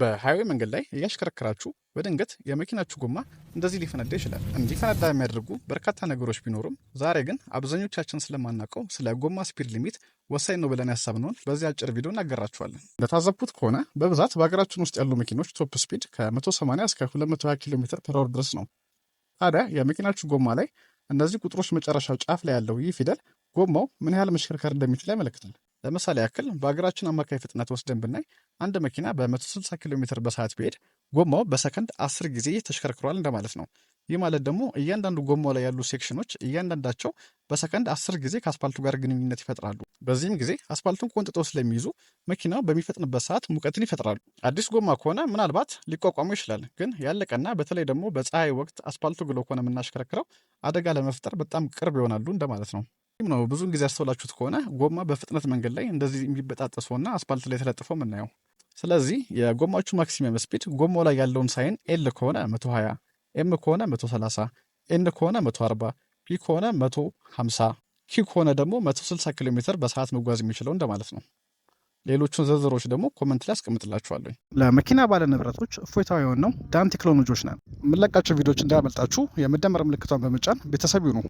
በሃይዌ መንገድ ላይ እያሽከረከራችሁ በድንገት የመኪናችሁ ጎማ እንደዚህ ሊፈነዳ ይችላል። እንዲፈነዳ የሚያደርጉ በርካታ ነገሮች ቢኖሩም ዛሬ ግን አብዛኞቻችን ስለማናውቀው ስለ ጎማ ስፒድ ሊሚት ወሳኝ ነው ብለን ያሰብነውን በዚህ አጭር ቪዲዮ እናገራችኋለን። እንደታዘብኩት ከሆነ በብዛት በሀገራችን ውስጥ ያሉ መኪኖች ቶፕ ስፒድ ከ180 እስከ 220 ኪሎ ሜትር ፐር አወር ድረስ ነው። ታዲያ የመኪናችሁ ጎማ ላይ እነዚህ ቁጥሮች መጨረሻው ጫፍ ላይ ያለው ይህ ፊደል ጎማው ምን ያህል መሽከርከር እንደሚችል ያመለክታል። ለምሳሌ ያክል በሀገራችን አማካይ ፍጥነት ወስደን ብናይ አንድ መኪና በ160 ኪሎ ሜትር በሰዓት ቢሄድ ጎማው በሰከንድ 10 ጊዜ ተሽከርክሯል እንደማለት ነው። ይህ ማለት ደግሞ እያንዳንዱ ጎማው ላይ ያሉ ሴክሽኖች እያንዳንዳቸው በሰከንድ 10 ጊዜ ከአስፓልቱ ጋር ግንኙነት ይፈጥራሉ። በዚህም ጊዜ አስፓልቱን ቆንጥጦ ስለሚይዙ መኪናው በሚፈጥንበት ሰዓት ሙቀትን ይፈጥራሉ። አዲስ ጎማ ከሆነ ምናልባት ሊቋቋሙ ይችላል። ግን ያለቀና በተለይ ደግሞ በፀሐይ ወቅት አስፓልቱ ግሎ ከሆነ የምናሽከረክረው አደጋ ለመፍጠር በጣም ቅርብ ይሆናሉ እንደማለት ነው። ነው። ብዙን ጊዜ ያስተውላችሁት ከሆነ ጎማ በፍጥነት መንገድ ላይ እንደዚህ የሚበጣጠሰውና አስፓልት ላይ ተለጥፎ የምናየው። ስለዚህ የጎማዎቹ ማክሲመም ስፒድ ጎማው ላይ ያለውን ሳይን ኤል ከሆነ 120፣ ኤም ከሆነ 130፣ ኤን ከሆነ 140፣ ፒ ከሆነ 150፣ ኪ ከሆነ ደግሞ 160 ኪሎ ሜትር በሰዓት መጓዝ የሚችለው እንደማለት ነው። ሌሎቹን ዝርዝሮች ደግሞ ኮመንት ላይ አስቀምጥላችኋለሁ። ለመኪና ባለ ንብረቶች እፎይታዊ የሆነው ዳን ቴክኖሎጂዎች ነን። የምንለቃቸው ቪዲዮዎች እንዳያመልጣችሁ የመደመር ምልክቷን በመጫን ቤተሰብ ይሁኑ።